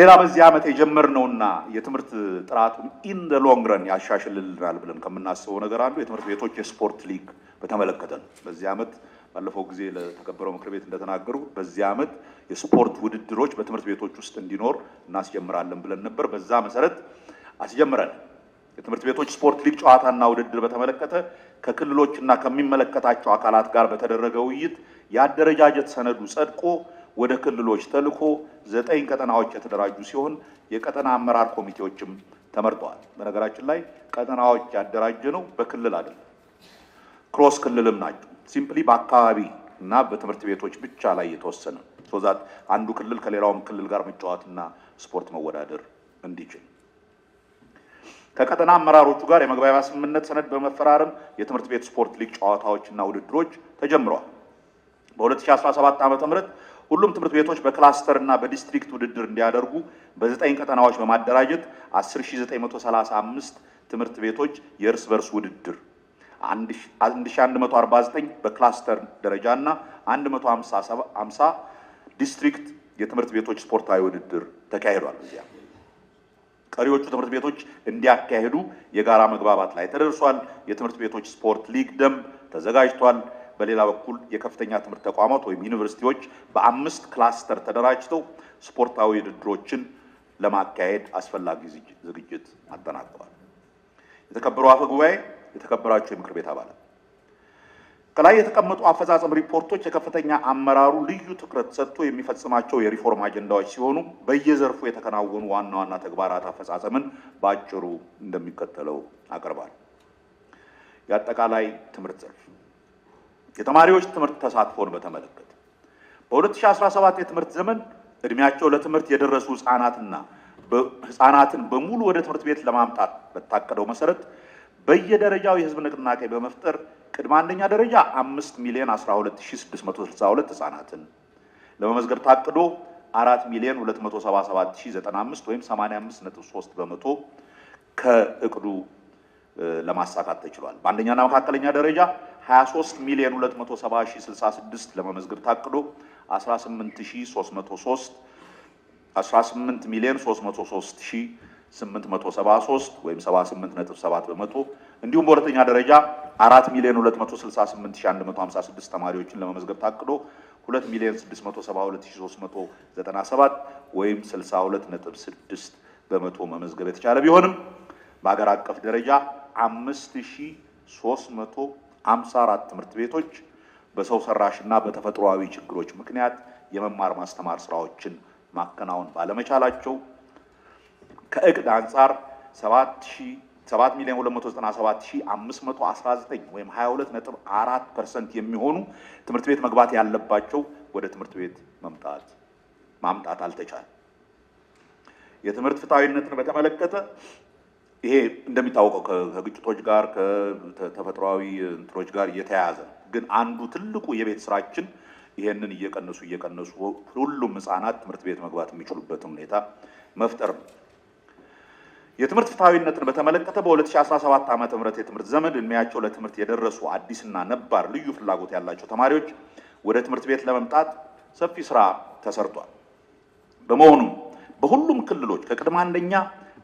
ሌላ በዚህ ዓመት የጀመርነውና የትምህርት ጥራቱን ኢን ሎንግረን ያሻሽልልናል ብለን ከምናስበው ነገር አንዱ የትምህርት ቤቶች የስፖርት ሊግ በተመለከተ ነው። በዚህ ዓመት ባለፈው ጊዜ ለተከበረው ምክር ቤት እንደተናገሩ በዚህ ዓመት የስፖርት ውድድሮች በትምህርት ቤቶች ውስጥ እንዲኖር እናስጀምራለን ብለን ነበር። በዛ መሰረት አስጀምረን የትምህርት ቤቶች ስፖርት ሊግ ጨዋታና ውድድር በተመለከተ ከክልሎችና ከሚመለከታቸው አካላት ጋር በተደረገ ውይይት የአደረጃጀት ሰነዱ ጸድቆ ወደ ክልሎች ተልኮ ዘጠኝ ቀጠናዎች የተደራጁ ሲሆን የቀጠና አመራር ኮሚቴዎችም ተመርጠዋል። በነገራችን ላይ ቀጠናዎች ያደራጀ ነው በክልል አይደለም፣ ክሮስ ክልልም ናቸው። ሲምፕሊ በአካባቢ እና በትምህርት ቤቶች ብቻ ላይ የተወሰነ ሶዛት አንዱ ክልል ከሌላውም ክልል ጋር መጫወትና ስፖርት መወዳደር እንዲችል ከቀጠና አመራሮቹ ጋር የመግባቢያ ስምምነት ሰነድ በመፈራረም የትምህርት ቤት ስፖርት ሊግ ጨዋታዎችና ውድድሮች ተጀምረዋል። በ2017 ም ሁሉም ትምህርት ቤቶች በክላስተር እና በዲስትሪክት ውድድር እንዲያደርጉ በዘጠኝ ቀጠናዎች በማደራጀት 10935 ትምህርት ቤቶች የእርስ በርስ ውድድር 1149 በክላስተር እና 150 ዲስትሪክት የትምህርት ቤቶች ስፖርታዊ ውድድር ተካሂዷል። እዚያ ቀሪዎቹ ትምህርት ቤቶች እንዲያካሄዱ የጋራ መግባባት ላይ ተደርሷል። የትምህርት ቤቶች ስፖርት ሊግ ደንብ ተዘጋጅቷል። በሌላ በኩል የከፍተኛ ትምህርት ተቋማት ወይም ዩኒቨርሲቲዎች በአምስት ክላስተር ተደራጅተው ስፖርታዊ ውድድሮችን ለማካሄድ አስፈላጊ ዝግጅት አጠናቅቀዋል። የተከበሩ አፈ ጉባኤ፣ የተከበራቸው የምክር ቤት አባላት፣ ከላይ የተቀመጡ አፈጻጸም ሪፖርቶች የከፍተኛ አመራሩ ልዩ ትኩረት ሰጥቶ የሚፈጽማቸው የሪፎርም አጀንዳዎች ሲሆኑ በየዘርፉ የተከናወኑ ዋና ዋና ተግባራት አፈጻጸምን በአጭሩ እንደሚከተለው አቅርባል። የአጠቃላይ ትምህርት ዘርፍ የተማሪዎች ትምህርት ተሳትፎን በተመለከተ በ2017 የትምህርት ዘመን እድሜያቸው ለትምህርት የደረሱ ህጻናትና ህጻናትን በሙሉ ወደ ትምህርት ቤት ለማምጣት በታቀደው መሰረት በየደረጃው የህዝብ ንቅናቄ በመፍጠር ቅድመ አንደኛ ደረጃ 5 ሚሊዮን 12662 ህጻናትን ለመመዝገብ ታቅዶ 4 ሚሊዮን 277095 ወይም 85.3 በመቶ ከእቅዱ ለማሳካት ተችሏል። በአንደኛና መካከለኛ ደረጃ 23 ሚሊዮን 270066 ለመመዝገብ ታቅዶ 18303 18 ሚሊዮን 303873 ወይም 78.7 በመቶ እንዲሁም በሁለተኛ ደረጃ 4 ሚሊዮን 268156 ተማሪዎችን ለመመዝገብ ታቅዶ 2 ሚሊዮን 672397 ወይም 62.6 በመቶ መመዝገብ የተቻለ ቢሆንም በሀገር አቀፍ ደረጃ 5300 አምሳ አራት ትምህርት ቤቶች በሰው ሰራሽና በተፈጥሯዊ ችግሮች ምክንያት የመማር ማስተማር ስራዎችን ማከናወን ባለመቻላቸው ከእቅድ አንጻር 7,297,519 ወይም 22.4% የሚሆኑ ትምህርት ቤት መግባት ያለባቸው ወደ ትምህርት ቤት መምጣት ማምጣት አልተቻለም። የትምህርት ፍትሐዊነትን በተመለከተ ይሄ እንደሚታወቀው ከግጭቶች ጋር ከተፈጥሯዊ እንትኖች ጋር እየተያያዘ ነው። ግን አንዱ ትልቁ የቤት ስራችን ይሄንን እየቀነሱ እየቀነሱ ሁሉም ህፃናት ትምህርት ቤት መግባት የሚችሉበትን ሁኔታ መፍጠር ነው። የትምህርት ፍትሐዊነትን በተመለከተ በ2017 ዓ ም የትምህርት ዘመን እድሜያቸው ለትምህርት የደረሱ አዲስና ነባር ልዩ ፍላጎት ያላቸው ተማሪዎች ወደ ትምህርት ቤት ለመምጣት ሰፊ ስራ ተሰርቷል። በመሆኑም በሁሉም ክልሎች ከቅድመ አንደኛ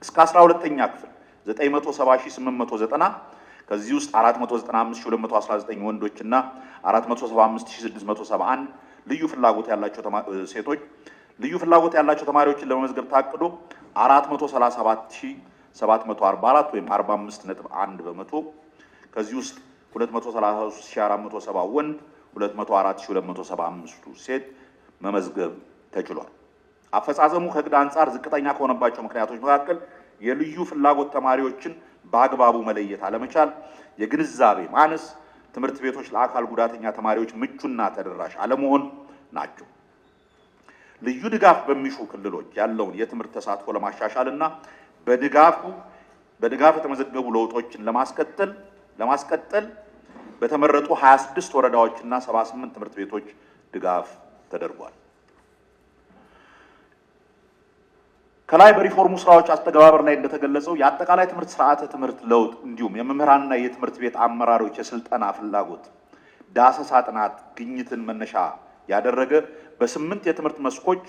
እስከ አስራ ሁለተኛ ክፍል 970,890 ከዚህ ውስጥ 495,219 ወንዶችና 475,671 ልዩ ፍላጎት ያላቸው ሴቶች ልዩ ፍላጎት ያላቸው ተማሪዎችን ለመመዝገብ ታቅዶ 437,744 ወይም 45.1 በመቶ ከዚህ ውስጥ 233,470 ወንድ 204,275 ሴት መመዝገብ ተችሏል። አፈጻጸሙ ከዕቅድ አንጻር ዝቅተኛ ከሆነባቸው ምክንያቶች መካከል የልዩ ፍላጎት ተማሪዎችን በአግባቡ መለየት አለመቻል፣ የግንዛቤ ማነስ፣ ትምህርት ቤቶች ለአካል ጉዳተኛ ተማሪዎች ምቹና ተደራሽ አለመሆን ናቸው። ልዩ ድጋፍ በሚሹ ክልሎች ያለውን የትምህርት ተሳትፎ ለማሻሻል እና በድጋፉ በድጋፍ የተመዘገቡ ለውጦችን ለማስቀጠል ለማስቀጠል በተመረጡ 26 ወረዳዎችና 78 ትምህርት ቤቶች ድጋፍ ተደርጓል። ከላይ በሪፎርሙ ስራዎች አስተገባበር ላይ እንደተገለጸው የአጠቃላይ ትምህርት ስርዓተ ትምህርት ለውጥ እንዲሁም የመምህራንና የትምህርት ቤት አመራሮች የስልጠና ፍላጎት ዳሰሳ ጥናት ግኝትን መነሻ ያደረገ በስምንት የትምህርት መስኮች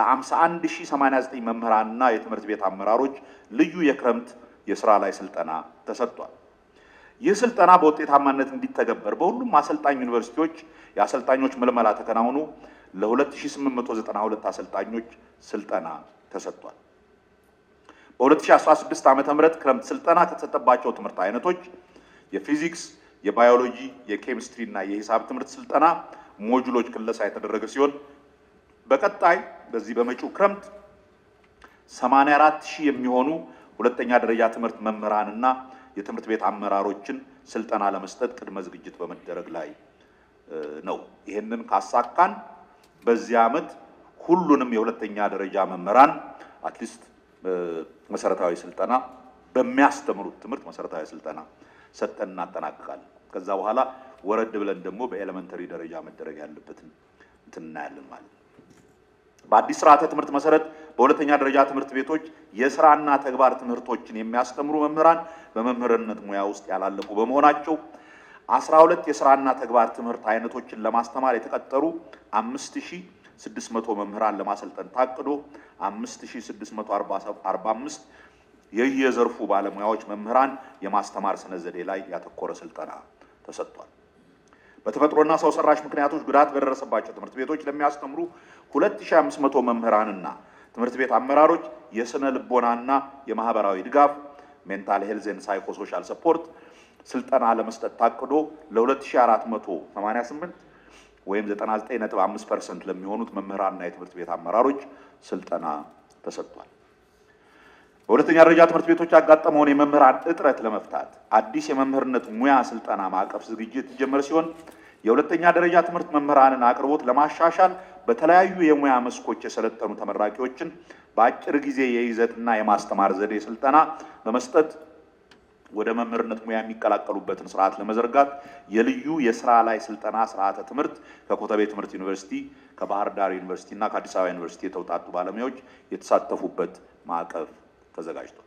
ለ51089 መምህራንና የትምህርት ቤት አመራሮች ልዩ የክረምት የስራ ላይ ስልጠና ተሰጥቷል። ይህ ስልጠና በውጤታማነት እንዲተገበር በሁሉም አሰልጣኝ ዩኒቨርሲቲዎች የአሰልጣኞች ምልመላ ተከናውኑ ለ2892 አሰልጣኞች ስልጠና ተሰጥቷል። በ2016 ዓ ም ክረምት ስልጠና ከተሰጠባቸው ትምህርት አይነቶች የፊዚክስ፣ የባዮሎጂ፣ የኬሚስትሪ እና የሂሳብ ትምህርት ስልጠና ሞጁሎች ክለሳ የተደረገ ሲሆን በቀጣይ በዚህ በመጪው ክረምት 84 ሺህ የሚሆኑ ሁለተኛ ደረጃ ትምህርት መምህራንና የትምህርት ቤት አመራሮችን ስልጠና ለመስጠት ቅድመ ዝግጅት በመደረግ ላይ ነው። ይህንን ካሳካን በዚህ ዓመት ሁሉንም የሁለተኛ ደረጃ መምህራን አትሊስት መሰረታዊ ስልጠና በሚያስተምሩት ትምህርት መሰረታዊ ስልጠና ሰጠን እናጠናቅቃለን። ከዛ በኋላ ወረድ ብለን ደግሞ በኤሌመንተሪ ደረጃ መደረግ ያለበትን እንትን እናያለን ማለት ነው። በአዲስ ስርዓተ ትምህርት መሰረት በሁለተኛ ደረጃ ትምህርት ቤቶች የስራና ተግባር ትምህርቶችን የሚያስተምሩ መምህራን በመምህርነት ሙያ ውስጥ ያላለቁ በመሆናቸው አስራ ሁለት የስራና ተግባር ትምህርት አይነቶችን ለማስተማር የተቀጠሩ አምስት ሺህ 600 መምህራን ለማሰልጠን ታቅዶ 5645 የየዘርፉ ባለሙያዎች መምህራን የማስተማር ስነ ዘዴ ላይ ያተኮረ ስልጠና ተሰጥቷል። በተፈጥሮና ሰው ሰራሽ ምክንያቶች ጉዳት በደረሰባቸው ትምህርት ቤቶች ለሚያስተምሩ 2500 መምህራንና ትምህርት ቤት አመራሮች የስነ ልቦናና የማህበራዊ ድጋፍ ሜንታል ሄልዝን ሳይኮሶሻል ሰፖርት ስልጠና ለመስጠት ታቅዶ ለ2488 ወይም 99.5 ፐርሰንት ለሚሆኑት መምህራንና የትምህርት ቤት አመራሮች ስልጠና ተሰጥቷል። በሁለተኛ ደረጃ ትምህርት ቤቶች ያጋጠመውን የመምህራን እጥረት ለመፍታት አዲስ የመምህርነት ሙያ ስልጠና ማዕቀፍ ዝግጅት ጀመረ ሲሆን የሁለተኛ ደረጃ ትምህርት መምህራንን አቅርቦት ለማሻሻል በተለያዩ የሙያ መስኮች የሰለጠኑ ተመራቂዎችን በአጭር ጊዜ የይዘትና የማስተማር ዘዴ ስልጠና በመስጠት ወደ መምህርነት ሙያ የሚቀላቀሉበትን ስርዓት ለመዘርጋት የልዩ የስራ ላይ ስልጠና ስርዓተ ትምህርት ከኮተቤ ትምህርት ዩኒቨርሲቲ፣ ከባህር ዳር ዩኒቨርሲቲ እና ከአዲስ አበባ ዩኒቨርሲቲ የተውጣጡ ባለሙያዎች የተሳተፉበት ማዕቀፍ ተዘጋጅቷል።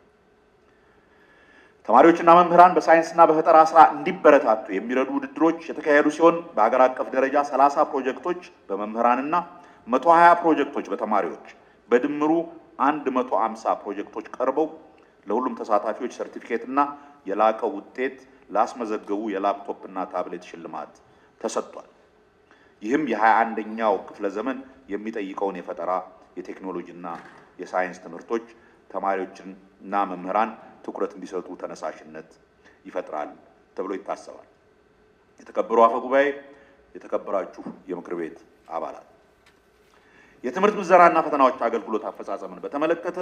ተማሪዎችና መምህራን በሳይንስና በፈጠራ ስራ እንዲበረታቱ የሚረዱ ውድድሮች የተካሄዱ ሲሆን በሀገር አቀፍ ደረጃ 30 ፕሮጀክቶች በመምህራንና 120 ፕሮጀክቶች በተማሪዎች በድምሩ 150 ፕሮጀክቶች ቀርበው ለሁሉም ተሳታፊዎች ሰርቲፊኬትና የላቀ ውጤት ላስመዘገቡ የላፕቶፕ እና ታብሌት ሽልማት ተሰጥቷል። ይህም የ21ኛው ክፍለ ዘመን የሚጠይቀውን የፈጠራ የቴክኖሎጂና የሳይንስ ትምህርቶች እና መምህራን ትኩረት እንዲሰጡ ተነሳሽነት ይፈጥራል ተብሎ ይታሰባል። የተከበሩ አፈ ጉባኤ፣ የተከበራችሁ የምክር ቤት አባላት፣ የትምህርት ምዘናና ፈተናዎች አገልግሎት አፈጻጸምን በተመለከተ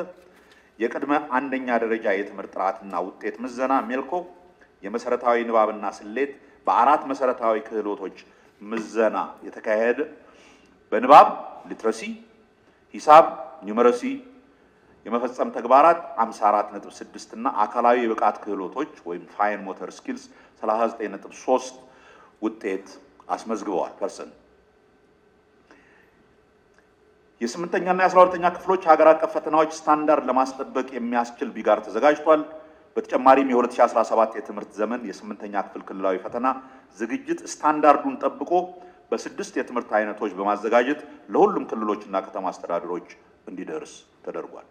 የቅድመ አንደኛ ደረጃ የትምህርት ጥራትና ውጤት ምዘና ሜልኮ የመሰረታዊ ንባብና ስሌት በአራት መሰረታዊ ክህሎቶች ምዘና የተካሄደ በንባብ ሊትረሲ፣ ሂሳብ ኒውመረሲ የመፈጸም ተግባራት 54.6 እና አካላዊ የብቃት ክህሎቶች ወይም ፋይን ሞተር ስኪልስ 39.3 ውጤት አስመዝግበዋል ፐርሰንት የስምንተኛና የአስራ ሁለተኛ ክፍሎች ሀገር አቀፍ ፈተናዎች ስታንዳርድ ለማስጠበቅ የሚያስችል ቢጋር ተዘጋጅቷል። በተጨማሪም የ2017 የትምህርት ዘመን የስምንተኛ ክፍል ክልላዊ ፈተና ዝግጅት ስታንዳርዱን ጠብቆ በስድስት የትምህርት አይነቶች በማዘጋጀት ለሁሉም ክልሎችና ከተማ አስተዳደሮች እንዲደርስ ተደርጓል።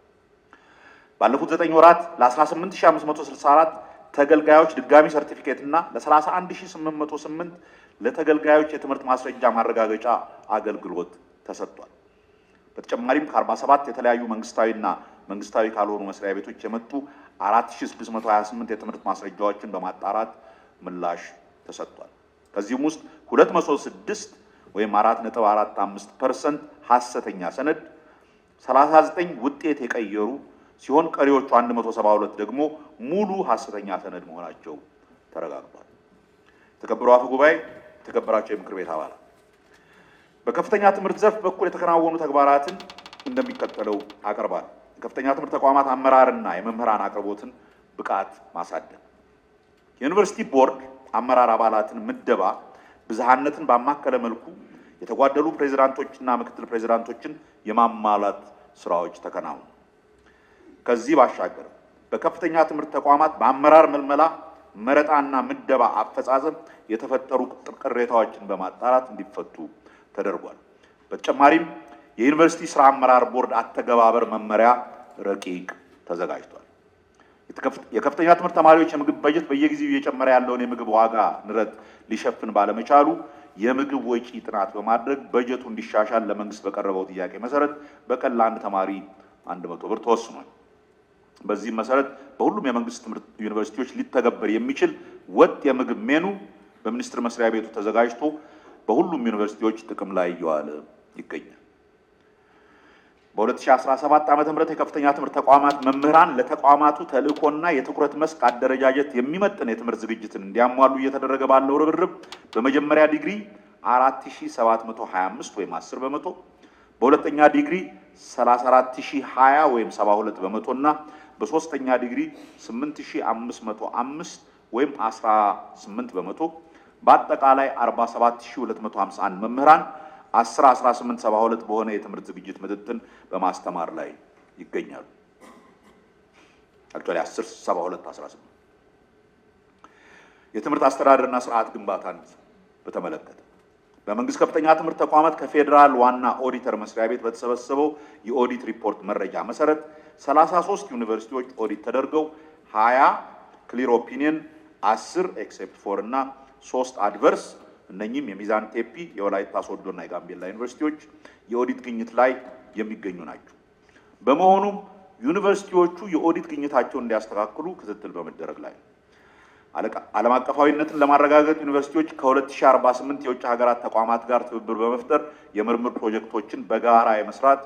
ባለፉት ዘጠኝ ወራት ለ18564 ተገልጋዮች ድጋሚ ሰርቲፊኬት እና ለ31808 ለተገልጋዮች የትምህርት ማስረጃ ማረጋገጫ አገልግሎት ተሰጥቷል። በተጨማሪም ከ47 የተለያዩ መንግስታዊና መንግስታዊ ካልሆኑ መስሪያ ቤቶች የመጡ 4628 የትምህርት ማስረጃዎችን በማጣራት ምላሽ ተሰጥቷል። ከዚህም ውስጥ 206 ወይም 4.45 ፐርሰንት ሐሰተኛ ሰነድ፣ 39 ውጤት የቀየሩ ሲሆን ቀሪዎቹ 172 ደግሞ ሙሉ ሀሰተኛ ሰነድ መሆናቸው ተረጋግጧል። የተከበሩ አፈ ጉባኤ፣ የተከበራቸው የምክር ቤት አባላት በከፍተኛ ትምህርት ዘርፍ በኩል የተከናወኑ ተግባራትን እንደሚቀጠለው አቀርባል። የከፍተኛ ትምህርት ተቋማት አመራርና የመምህራን አቅርቦትን ብቃት ማሳደግ፣ የዩኒቨርሲቲ ቦርድ አመራር አባላትን ምደባ ብዝሃነትን ባማከለ መልኩ የተጓደሉ ፕሬዚዳንቶችና ምክትል ፕሬዚዳንቶችን የማሟላት ስራዎች ተከናወኑ። ከዚህ ባሻገር በከፍተኛ ትምህርት ተቋማት በአመራር መልመላ መረጣና ምደባ አፈጻጸም የተፈጠሩ ቅሬታዎችን በማጣራት እንዲፈቱ ተደርጓል። በተጨማሪም የዩኒቨርሲቲ ስራ አመራር ቦርድ አተገባበር መመሪያ ረቂቅ ተዘጋጅቷል። የከፍተኛ ትምህርት ተማሪዎች የምግብ በጀት በየጊዜው እየጨመረ ያለውን የምግብ ዋጋ ንረት ሊሸፍን ባለመቻሉ የምግብ ወጪ ጥናት በማድረግ በጀቱ እንዲሻሻል ለመንግስት በቀረበው ጥያቄ መሰረት በቀን ለአንድ ተማሪ አንድ መቶ ብር ተወስኗል። በዚህም መሰረት በሁሉም የመንግስት ትምህርት ዩኒቨርሲቲዎች ሊተገበር የሚችል ወጥ የምግብ ሜኑ በሚኒስቴር መስሪያ ቤቱ ተዘጋጅቶ በሁሉም ዩኒቨርሲቲዎች ጥቅም ላይ እየዋለ ይገኛል። በ2017 ም የከፍተኛ ትምህርት ተቋማት መምህራን ለተቋማቱ ተልእኮና የትኩረት መስክ አደረጃጀት የሚመጥን የትምህርት ዝግጅትን እንዲያሟሉ እየተደረገ ባለው ርብርብ በመጀመሪያ ዲግሪ 4725 ወይም 10 በመቶ በሁለተኛ ዲግሪ 34020 ወይም 72 በመቶ እና በሶስተኛ ዲግሪ 8505 ወይም 18 በመቶ በአጠቃላይ 47251 መምህራን 101872 በሆነ የትምህርት ዝግጅት ምትትን በማስተማር ላይ ይገኛሉ። አክቹዋሊ 107218 የትምህርት አስተዳደርና ስርዓት ግንባታን በተመለከተ በመንግስት ከፍተኛ ትምህርት ተቋማት ከፌዴራል ዋና ኦዲተር መስሪያ ቤት በተሰበሰበው የኦዲት ሪፖርት መረጃ መሰረት 33 ዩኒቨርሲቲዎች ኦዲት ተደርገው 20 ክሊር ኦፒኒየን፣ 10 ኤክሴፕት ፎር እና ሶስት አድቨርስ እነኚህም የሚዛን ቴፒ፣ የወላይታ ሶዶና የጋምቤላ ዩኒቨርሲቲዎች የኦዲት ግኝት ላይ የሚገኙ ናቸው። በመሆኑም ዩኒቨርሲቲዎቹ የኦዲት ግኝታቸውን እንዲያስተካክሉ ክትትል በመደረግ ላይ ነው። ዓለም አቀፋዊነትን ለማረጋገጥ ዩኒቨርሲቲዎች ከ2048 የውጭ ሀገራት ተቋማት ጋር ትብብር በመፍጠር የምርምር ፕሮጀክቶችን በጋራ የመስራት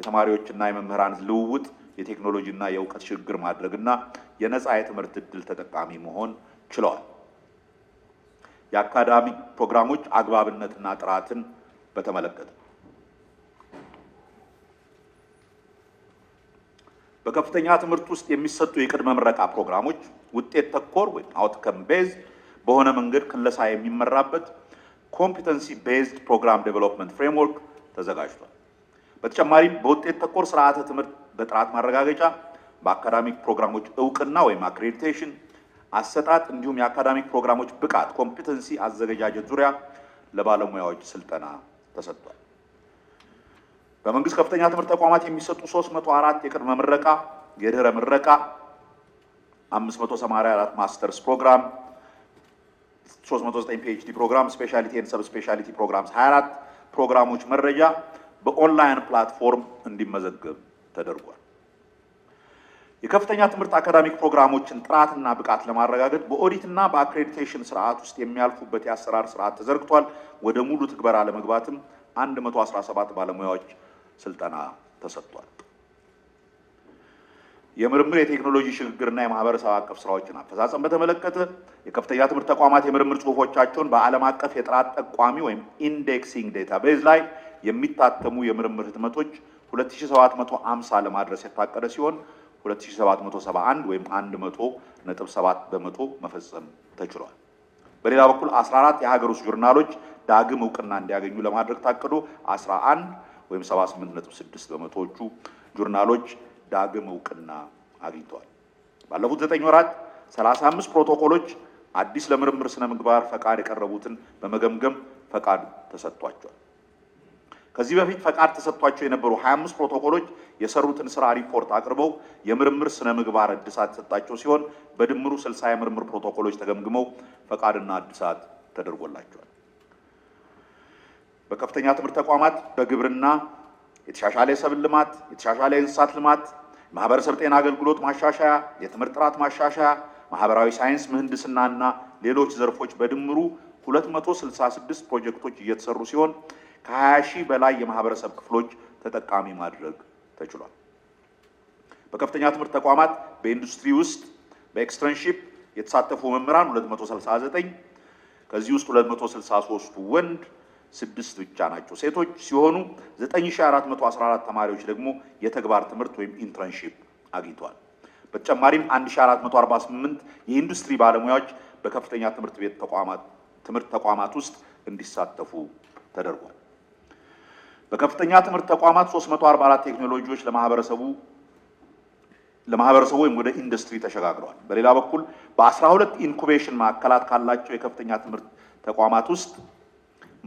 የተማሪዎችና የመምህራን ልውውጥ፣ የቴክኖሎጂና የእውቀት ሽግግር ማድረግና የነፃ የትምህርት ዕድል ተጠቃሚ መሆን ችለዋል። የአካዳሚክ ፕሮግራሞች አግባብነትና ጥራትን በተመለከተ በከፍተኛ ትምህርት ውስጥ የሚሰጡ የቅድመ ምረቃ ፕሮግራሞች ውጤት ተኮር ወይም አውትከም ቤዝ በሆነ መንገድ ክለሳ የሚመራበት ኮምፒተንሲ ቤዝድ ፕሮግራም ዴቨሎፕመንት ፍሬምወርክ ተዘጋጅቷል። በተጨማሪም በውጤት ተኮር ስርዓተ ትምህርት በጥራት ማረጋገጫ፣ በአካዳሚክ ፕሮግራሞች እውቅና ወይም አክሬዲቴሽን አሰጣጥ እንዲሁም የአካዳሚክ ፕሮግራሞች ብቃት ኮምፒተንሲ አዘገጃጀት ዙሪያ ለባለሙያዎች ስልጠና ተሰጥቷል። በመንግስት ከፍተኛ ትምህርት ተቋማት የሚሰጡ 304 የቅድመ ምረቃ፣ የድህረ ምረቃ 584 ማስተርስ ፕሮግራም 39 ፒኤችዲ ፕሮግራም ስፔሻሊቲ ኤንድ ሰብ ስፔሻሊቲ ፕሮግራም 24 ፕሮግራሞች መረጃ በኦንላይን ፕላትፎርም እንዲመዘገብ ተደርጓል። የከፍተኛ ትምህርት አካዳሚክ ፕሮግራሞችን ጥራትና ብቃት ለማረጋገጥ በኦዲትና በአክሬዲቴሽን ስርዓት ውስጥ የሚያልፉበት የአሰራር ስርዓት ተዘርግቷል። ወደ ሙሉ ትግበራ ለመግባትም 117 ባለሙያዎች ስልጠና ተሰጥቷል። የምርምር የቴክኖሎጂ ሽግግርና የማህበረሰብ አቀፍ ስራዎችን አፈጻጸም በተመለከተ የከፍተኛ ትምህርት ተቋማት የምርምር ጽሁፎቻቸውን በዓለም አቀፍ የጥራት ጠቋሚ ወይም ኢንዴክሲንግ ዴታቤዝ ላይ የሚታተሙ የምርምር ህትመቶች 2750 ለማድረስ የታቀደ ሲሆን 2771 ወይም 100 ነጥብ 7 በመቶ መፈጸም ተችሏል። በሌላ በኩል 14 የሀገር ውስጥ ጆርናሎች ዳግም እውቅና እንዲያገኙ ለማድረግ ታቅዶ 11 ወይም 78 ነጥብ 6 በመቶዎቹ ጆርናሎች ዳግም እውቅና አግኝተዋል። ባለፉት 9 ወራት 35 ፕሮቶኮሎች አዲስ ለምርምር ስነ ምግባር ፈቃድ የቀረቡትን በመገምገም ፈቃድ ተሰጥቷቸዋል። ከዚህ በፊት ፈቃድ ተሰጥቷቸው የነበሩ 25 ፕሮቶኮሎች የሰሩትን ስራ ሪፖርት አቅርበው የምርምር ስነ ምግባር እድሳት የተሰጣቸው ሲሆን በድምሩ 60 የምርምር ፕሮቶኮሎች ተገምግመው ፈቃድና እድሳት ተደርጎላቸዋል። በከፍተኛ ትምህርት ተቋማት በግብርና የተሻሻለ የሰብል ልማት፣ የተሻሻለ የእንስሳት ልማት፣ ማህበረሰብ ጤና አገልግሎት ማሻሻያ፣ የትምህርት ጥራት ማሻሻያ፣ ማህበራዊ ሳይንስ ምህንድስናና ሌሎች ዘርፎች በድምሩ 266 ፕሮጀክቶች እየተሰሩ ሲሆን ከ20 ሺህ በላይ የማህበረሰብ ክፍሎች ተጠቃሚ ማድረግ ተችሏል። በከፍተኛ ትምህርት ተቋማት በኢንዱስትሪ ውስጥ በኤክስተርንሺፕ የተሳተፉ መምህራን 269 ከዚህ ውስጥ 263ቱ ወንድ ስድስት ብቻ ናቸው ሴቶች ሲሆኑ 9414 ተማሪዎች ደግሞ የተግባር ትምህርት ወይም ኢንተርንሺፕ አግኝተዋል። በተጨማሪም 1448 የኢንዱስትሪ ባለሙያዎች በከፍተኛ ትምህርት ቤት ተቋማት ትምህርት ተቋማት ውስጥ እንዲሳተፉ ተደርጓል። በከፍተኛ ትምህርት ተቋማት 344 ቴክኖሎጂዎች ለማህበረሰቡ ለማህበረሰቡ ወይም ወደ ኢንዱስትሪ ተሸጋግረዋል። በሌላ በኩል በ12 ኢንኩቤሽን ማዕከላት ካላቸው የከፍተኛ ትምህርት ተቋማት ውስጥ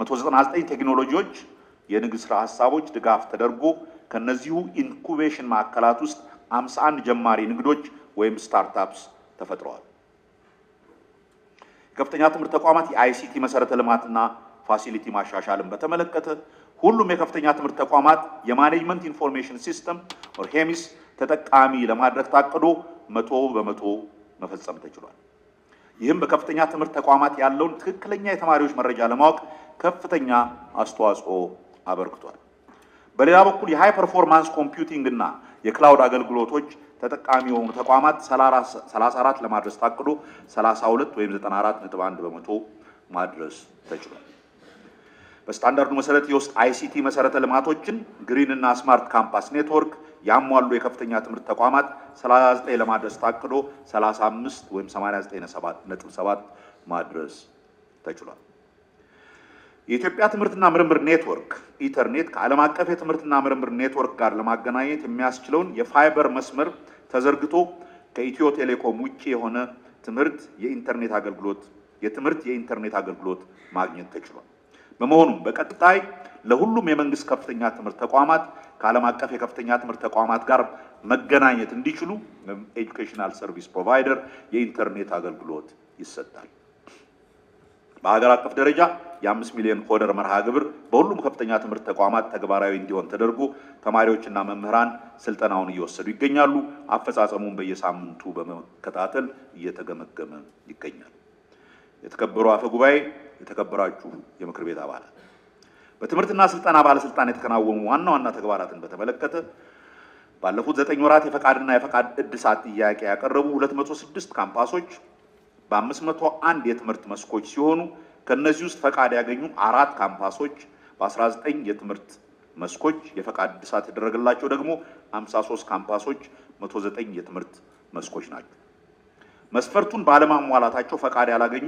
199 ቴክኖሎጂዎች የንግድ ስራ ሀሳቦች ድጋፍ ተደርጎ ከነዚሁ ኢንኩቤሽን ማዕከላት ውስጥ 51 ጀማሪ ንግዶች ወይም ስታርታፕስ ተፈጥረዋል። የከፍተኛ ትምህርት ተቋማት የአይሲቲ መሰረተ ልማትና ፋሲሊቲ ማሻሻልን በተመለከተ ሁሉም የከፍተኛ ትምህርት ተቋማት የማኔጅመንት ኢንፎርሜሽን ሲስተም ኦር ሄሚስ ተጠቃሚ ለማድረግ ታቅዶ መቶ በመቶ መፈጸም ተችሏል። ይህም በከፍተኛ ትምህርት ተቋማት ያለውን ትክክለኛ የተማሪዎች መረጃ ለማወቅ ከፍተኛ አስተዋጽኦ አበርክቷል። በሌላ በኩል የሃይ ፐርፎርማንስ ኮምፒውቲንግ እና የክላውድ አገልግሎቶች ተጠቃሚ የሆኑ ተቋማት 34 ለማድረስ ታቅዶ 32 ወይም 94.1 በመቶ ማድረስ ተችሏል። በስታንዳርዱ መሰረት የውስጥ አይሲቲ መሰረተ ልማቶችን ግሪን እና ስማርት ካምፓስ ኔትወርክ ያሟሉ የከፍተኛ ትምህርት ተቋማት 39 ለማድረስ ታቅዶ 35 ወይም 89.7 ማድረስ ተችሏል። የኢትዮጵያ ትምህርትና ምርምር ኔትወርክ ኢንተርኔት ከዓለም አቀፍ የትምህርትና ምርምር ኔትወርክ ጋር ለማገናኘት የሚያስችለውን የፋይበር መስመር ተዘርግቶ ከኢትዮ ቴሌኮም ውጭ የሆነ ትምህርት የኢንተርኔት አገልግሎት የትምህርት የኢንተርኔት አገልግሎት ማግኘት ተችሏል። በመሆኑም በቀጣይ ለሁሉም የመንግስት ከፍተኛ ትምህርት ተቋማት ከዓለም አቀፍ የከፍተኛ ትምህርት ተቋማት ጋር መገናኘት እንዲችሉ ኤጁኬሽናል ሰርቪስ ፕሮቫይደር የኢንተርኔት አገልግሎት ይሰጣል። በሀገር አቀፍ ደረጃ የአምስት ሚሊዮን ኮደር መርሃ ግብር በሁሉም ከፍተኛ ትምህርት ተቋማት ተግባራዊ እንዲሆን ተደርጎ ተማሪዎችና መምህራን ስልጠናውን እየወሰዱ ይገኛሉ። አፈጻጸሙን በየሳምንቱ በመከታተል እየተገመገመ ይገኛል። የተከበሩ አፈ ጉባኤ የተከበራችሁ የምክር ቤት አባላት በትምህርትና ስልጠና ባለስልጣን የተከናወኑ ዋና ዋና ተግባራትን በተመለከተ ባለፉት ዘጠኝ ወራት የፈቃድና የፈቃድ እድሳት ጥያቄ ያቀረቡ 206 ካምፓሶች በ501 የትምህርት መስኮች ሲሆኑ ከነዚህ ውስጥ ፈቃድ ያገኙ አራት ካምፓሶች በ19 የትምህርት መስኮች የፈቃድ እድሳት የተደረገላቸው ደግሞ 53 ካምፓሶች 109 የትምህርት መስኮች ናቸው። መስፈርቱን ባለማሟላታቸው ፈቃድ ያላገኙ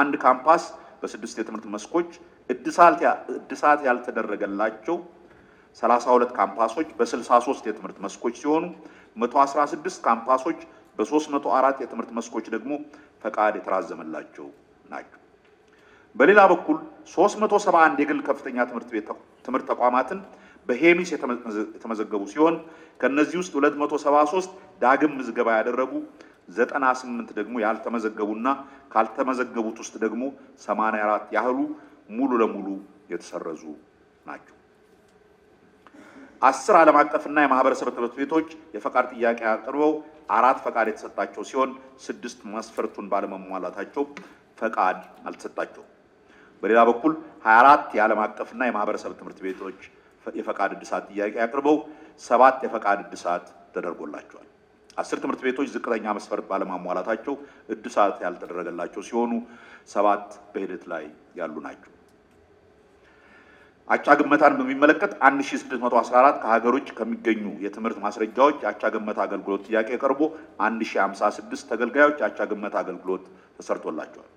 አንድ ካምፓስ በስድስት የትምህርት መስኮች እድሳት ያልተደረገላቸው 32 ካምፓሶች በ63 የትምህርት መስኮች ሲሆኑ 116 ካምፓሶች በ304 የትምህርት መስኮች ደግሞ ፈቃድ የተራዘመላቸው ናቸው። በሌላ በኩል 371 የግል ከፍተኛ ትምህርት ተቋማትን በሄሚስ የተመዘገቡ ሲሆን ከነዚህ ውስጥ 273 ዳግም ምዝገባ ያደረጉ ዘጠና ስምንት ደግሞ ያልተመዘገቡና ካልተመዘገቡት ውስጥ ደግሞ አራት ያህሉ ሙሉ ለሙሉ የተሰረዙ ናቸው። አስር ዓለም አቀፍና የማህበረሰብ ትምህርት ቤቶች የፈቃድ ጥያቄ አቅርበው አራት ፈቃድ የተሰጣቸው ሲሆን ስድስት መስፈርቱን ባለመሟላታቸው ፈቃድ አልተሰጣቸው። በሌላ በኩል 24 የዓለም አቀፍና የማህበረሰብ ትምህርት ቤቶች የፈቃድ እድሳት ጥያቄ አቅርበው ሰባት የፈቃድ እድሳት ተደርጎላቸዋል። አስር ትምህርት ቤቶች ዝቅተኛ መስፈርት ባለማሟላታቸው እድሳት ያልተደረገላቸው ሲሆኑ ሰባት በሂደት ላይ ያሉ ናቸው። አቻ ግመታን በሚመለከት 1614 ከሀገር ውጭ ከሚገኙ የትምህርት ማስረጃዎች የአቻ ግመታ አገልግሎት ጥያቄ ቀርቦ 1056 ተገልጋዮች የአቻ ግመታ አገልግሎት ተሰርቶላቸዋል።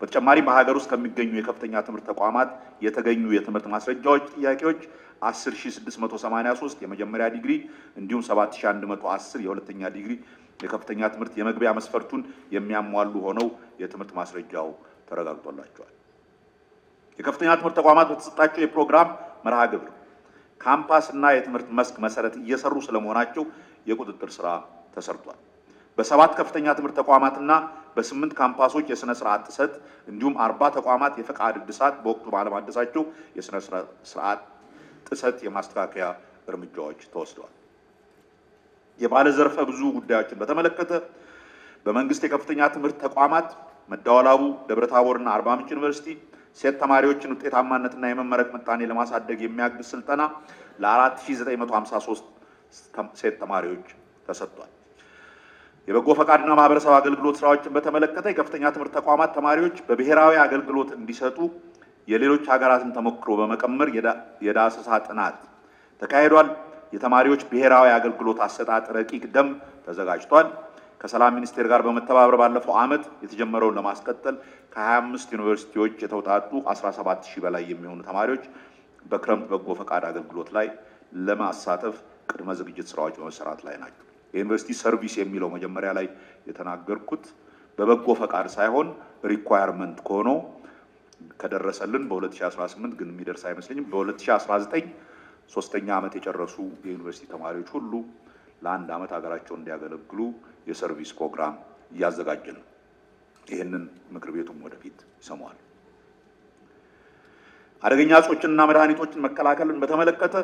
በተጨማሪም በሀገር ውስጥ ከሚገኙ የከፍተኛ ትምህርት ተቋማት የተገኙ የትምህርት ማስረጃዎች ጥያቄዎች 10683 የመጀመሪያ ዲግሪ እንዲሁም 7110 የሁለተኛ ዲግሪ የከፍተኛ ትምህርት የመግቢያ መስፈርቱን የሚያሟሉ ሆነው የትምህርት ማስረጃው ተረጋግጦላቸዋል። የከፍተኛ ትምህርት ተቋማት በተሰጣቸው የፕሮግራም መርሃ ግብር ካምፓስ እና የትምህርት መስክ መሰረት እየሰሩ ስለመሆናቸው የቁጥጥር ስራ ተሰርቷል። በሰባት ከፍተኛ ትምህርት ተቋማትና በስምንት ካምፓሶች የስነ ስርዓት ጥሰት እንዲሁም አርባ ተቋማት የፈቃድ እድሳት በወቅቱ ባለማደሳቸው የስነ ስርዓት ጥሰት የማስተካከያ እርምጃዎች ተወስደዋል። የባለ ዘርፈ ብዙ ጉዳዮችን በተመለከተ በመንግስት የከፍተኛ ትምህርት ተቋማት መዳወላቡ፣ ደብረታቦርና አርባ ምንጭ ዩኒቨርሲቲ ሴት ተማሪዎችን ውጤታማነትና የመመረቅ ምጣኔ ለማሳደግ የሚያግዝ ስልጠና ለ4953 ሴት ተማሪዎች ተሰጥቷል። የበጎ ፈቃድና ማህበረሰብ አገልግሎት ስራዎችን በተመለከተ የከፍተኛ ትምህርት ተቋማት ተማሪዎች በብሔራዊ አገልግሎት እንዲሰጡ የሌሎች ሀገራትን ተሞክሮ በመቀመር የዳሰሳ ጥናት ተካሂዷል። የተማሪዎች ብሔራዊ አገልግሎት አሰጣጥ ረቂቅ ደንብ ተዘጋጅቷል። ከሰላም ሚኒስቴር ጋር በመተባበር ባለፈው ዓመት የተጀመረውን ለማስቀጠል ከ25 ዩኒቨርሲቲዎች የተውጣጡ 17000 በላይ የሚሆኑ ተማሪዎች በክረምት በጎ ፈቃድ አገልግሎት ላይ ለማሳተፍ ቅድመ ዝግጅት ስራዎች በመሰራት ላይ ናቸው። የዩኒቨርሲቲ ሰርቪስ የሚለው መጀመሪያ ላይ የተናገርኩት በበጎ ፈቃድ ሳይሆን ሪኳየርመንት ከሆነው ከደረሰልን በ2018 ግን የሚደርስ አይመስለኝም። በ2019 ሶስተኛ ዓመት የጨረሱ የዩኒቨርሲቲ ተማሪዎች ሁሉ ለአንድ ዓመት ሀገራቸውን እንዲያገለግሉ የሰርቪስ ፕሮግራም እያዘጋጀን ነው። ይህንን ምክር ቤቱም ወደፊት ይሰማዋል። አደገኛ እጾችንና መድኃኒቶችን መከላከልን በተመለከተ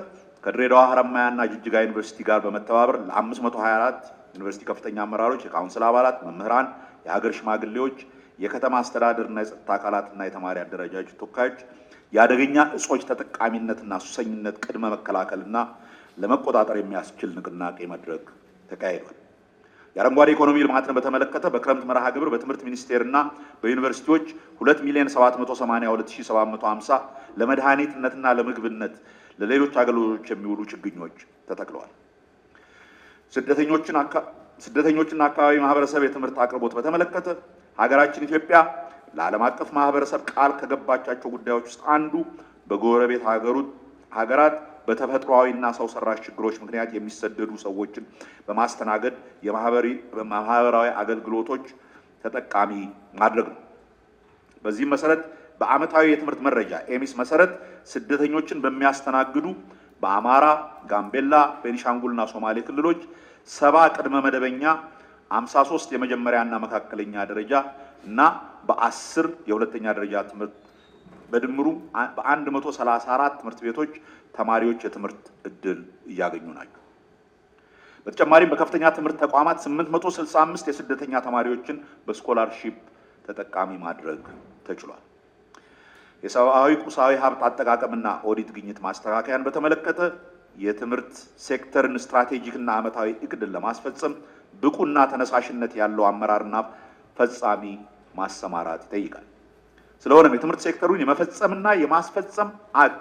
ከድሬዳዋ ሐረማያና ጅጅጋ ዩኒቨርሲቲ ጋር በመተባበር ለ524 ዩኒቨርሲቲ ከፍተኛ አመራሮች፣ የካውንስል አባላት፣ መምህራን፣ የሀገር ሽማግሌዎች የከተማ አስተዳደርና የጸጥታ አካላትና የተማሪ አደረጃጀት ተወካዮች የአደገኛ እጾች ተጠቃሚነትና ሱሰኝነት ቅድመ መከላከልና ለመቆጣጠር የሚያስችል ንቅናቄ መድረክ ተካሂዷል። የአረንጓዴ ኢኮኖሚ ልማትን በተመለከተ በክረምት መርሃ ግብር በትምህርት ሚኒስቴርና በዩኒቨርሲቲዎች 2 ሚሊዮን 782750 ለመድኃኒትነትና ለምግብነት ለሌሎች አገልግሎቶች የሚውሉ ችግኞች ተተክለዋል። ስደተኞችና አካባቢ ማህበረሰብ የትምህርት አቅርቦት በተመለከተ ሀገራችን ኢትዮጵያ ለዓለም አቀፍ ማህበረሰብ ቃል ከገባቻቸው ጉዳዮች ውስጥ አንዱ በጎረቤት ሀገራት በተፈጥሯዊና ሰው ሰራሽ ችግሮች ምክንያት የሚሰደዱ ሰዎችን በማስተናገድ የማህበራዊ አገልግሎቶች ተጠቃሚ ማድረግ ነው። በዚህም መሰረት በዓመታዊ የትምህርት መረጃ ኤሚስ መሰረት ስደተኞችን በሚያስተናግዱ በአማራ፣ ጋምቤላ፣ ቤኒሻንጉልና ሶማሌ ክልሎች ሰባ ቅድመ መደበኛ 53 የመጀመሪያና መካከለኛ ደረጃ እና በ10 የሁለተኛ ደረጃ ትምህርት በድምሩ በ134 ትምህርት ቤቶች ተማሪዎች የትምህርት እድል እያገኙ ናቸው። በተጨማሪም በከፍተኛ ትምህርት ተቋማት 865 የስደተኛ ተማሪዎችን በስኮላርሺፕ ተጠቃሚ ማድረግ ተችሏል። የሰብአዊ ቁሳዊ ሀብት አጠቃቀምና ኦዲት ግኝት ማስተካከያን በተመለከተ የትምህርት ሴክተርን ስትራቴጂክና ዓመታዊ እቅድን ለማስፈጸም ብቁና ተነሳሽነት ያለው አመራርና ፈጻሚ ማሰማራት ይጠይቃል። ስለሆነም የትምህርት ሴክተሩን የመፈጸምና የማስፈጸም አቅ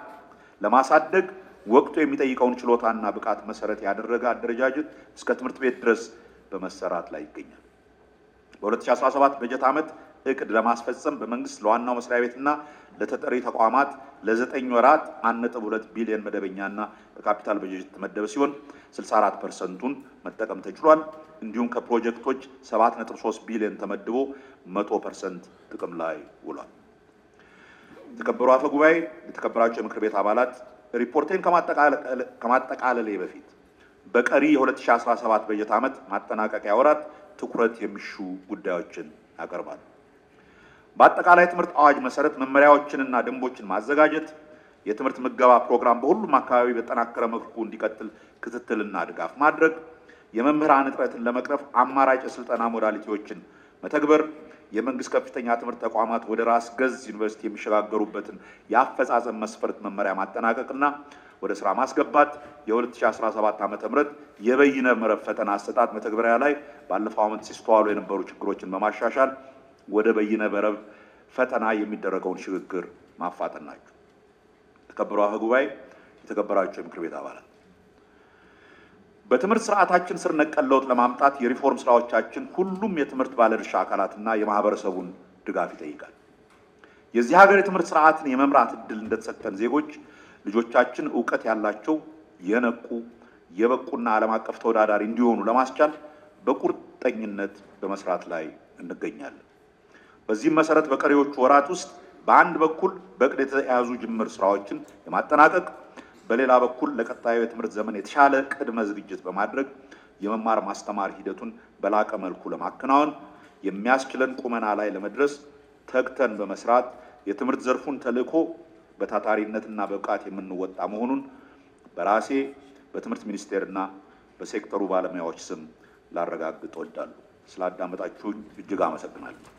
ለማሳደግ ወቅቱ የሚጠይቀውን ችሎታና ብቃት መሰረት ያደረገ አደረጃጀት እስከ ትምህርት ቤት ድረስ በመሰራት ላይ ይገኛል። በ2017 በጀት ዓመት እቅድ ለማስፈጸም በመንግስት ለዋናው መስሪያ ቤትና ለተጠሪ ተቋማት ለዘጠኝ ወራት 1.2 ቢሊዮን መደበኛና በካፒታል በጀት የተመደበ ሲሆን 64 ፐርሰንቱን መጠቀም ተችሏል። እንዲሁም ከፕሮጀክቶች 7.3 ቢሊዮን ተመድቦ 100 ፐርሰንት ጥቅም ላይ ውሏል። የተከበሩ አፈ ጉባኤ፣ የተከበራቸው የምክር ቤት አባላት ሪፖርቴን ከማጠቃለሌ በፊት በቀሪ የ2017 በጀት ዓመት ማጠናቀቂያ ወራት ትኩረት የሚሹ ጉዳዮችን ያቀርባል። በአጠቃላይ ትምህርት አዋጅ መሰረት መመሪያዎችንና ደንቦችን ማዘጋጀት የትምህርት ምገባ ፕሮግራም በሁሉም አካባቢ በጠናከረ መልኩ እንዲቀጥል ክትትልና ድጋፍ ማድረግ፣ የመምህራን እጥረትን ለመቅረፍ አማራጭ የስልጠና ሞዳሊቲዎችን መተግበር፣ የመንግስት ከፍተኛ ትምህርት ተቋማት ወደ ራስ ገዝ ዩኒቨርሲቲ የሚሸጋገሩበትን የአፈጻጸም መስፈርት መመሪያ ማጠናቀቅና ወደ ስራ ማስገባት፣ የ2017 ዓ ም የበይነ መረብ ፈተና አሰጣጥ መተግበሪያ ላይ ባለፈው ዓመት ሲስተዋሉ የነበሩ ችግሮችን በማሻሻል ወደ በይነ መረብ ፈተና የሚደረገውን ሽግግር ማፋጠን ናቸው። የተከበረው አፈ ጉባኤ፣ የተከበራቸው የምክር ቤት አባላት በትምህርት ስርዓታችን ስር ነቀል ለውጥ ለማምጣት የሪፎርም ስራዎቻችን ሁሉም የትምህርት ባለድርሻ አካላትና የማህበረሰቡን ድጋፍ ይጠይቃል። የዚህ ሀገር የትምህርት ስርዓትን የመምራት እድል እንደተሰጠን ዜጎች ልጆቻችን እውቀት ያላቸው የነቁ የበቁና ዓለም አቀፍ ተወዳዳሪ እንዲሆኑ ለማስቻል በቁርጠኝነት በመስራት ላይ እንገኛለን። በዚህም መሰረት በቀሪዎቹ ወራት ውስጥ በአንድ በኩል በእቅድ የተያዙ ጅምር ስራዎችን የማጠናቀቅ በሌላ በኩል ለቀጣዩ የትምህርት ዘመን የተሻለ ቅድመ ዝግጅት በማድረግ የመማር ማስተማር ሂደቱን በላቀ መልኩ ለማከናወን የሚያስችለን ቁመና ላይ ለመድረስ ተግተን በመስራት የትምህርት ዘርፉን ተልዕኮ በታታሪነትና በብቃት የምንወጣ መሆኑን በራሴ በትምህርት ሚኒስቴርና በሴክተሩ ባለሙያዎች ስም ላረጋግጥ እወዳለሁ። ስላዳመጣችሁኝ እጅግ አመሰግናለሁ።